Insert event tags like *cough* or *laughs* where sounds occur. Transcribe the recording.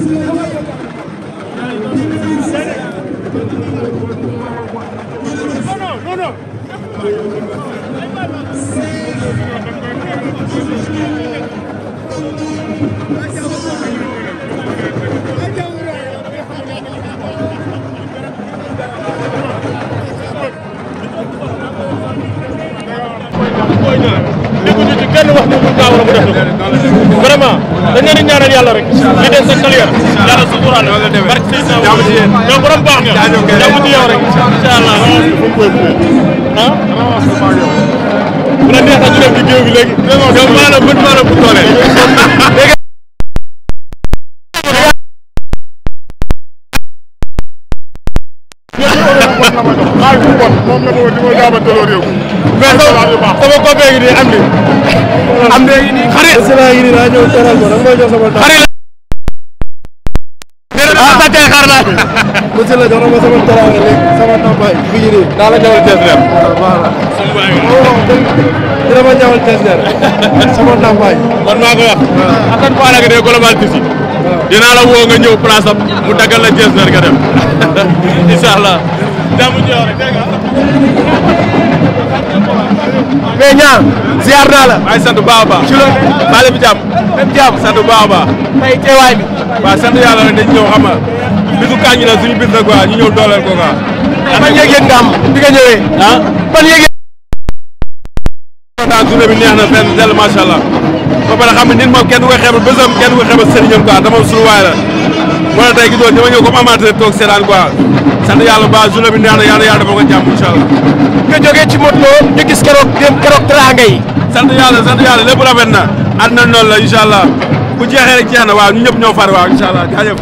non non non vraiment dañ leen di ñaanal yàlla rek li des sa carrière yàlla suturaal barke Seydina yow borom baax nga jàmm ci yow rek incha allah ah bu la neexee ñu def ci géew bi léegi yow maanaam bët maanaam bu toolee mais sama sama copain gi di am ni am xare xare ah ba tey xar naa. monsieur le gendarme sama taraawal rek sama ndàmpaay bi ñu nii. naa la ñawal tees leer. voilà. Oh, oh, dina ma ñawal tees leer. sama ndàmpaay. man maa ko wax. waaw akat faa nag de global tisi. dinaa la woo nga ñëw place am mu daggal la tees leer nga dem. *laughs* incha allah. jàmm ji rek dégg nga. mais ñaar ziar naa la. waaye sant bu maa leen di jàmm. même jàmm sant bu baax a baax. tey teewaay bi. waaw sant yàlla rek dañ ñëw xam nga bisu kañ la suñu bis la quoi ñu ñëw dooleel ko quoi. ban yëg-yëg nga am bi nga ñëwee. ah ban yëg-yëg. kontaan journée bi neex ba pare xam ne nit moom kenn du ko xeebal bésam kenn du ko xeebal sëriñam quoi dama suñu waay la. wala tey gisoo dama ñëw comme amateur toog seetaan quoi sant yàlla ba journée bi neex na yàlla yàlla defal ko jàmm incha allah. nga ci Modou Lo ñu gis keroog dem keroog teraanga yi. sant yàlla sant yàlla lépp rafet na àddina noonu la incha allah bu jeexee rek jeex ñu ñëpp ñoo far waaw incha allah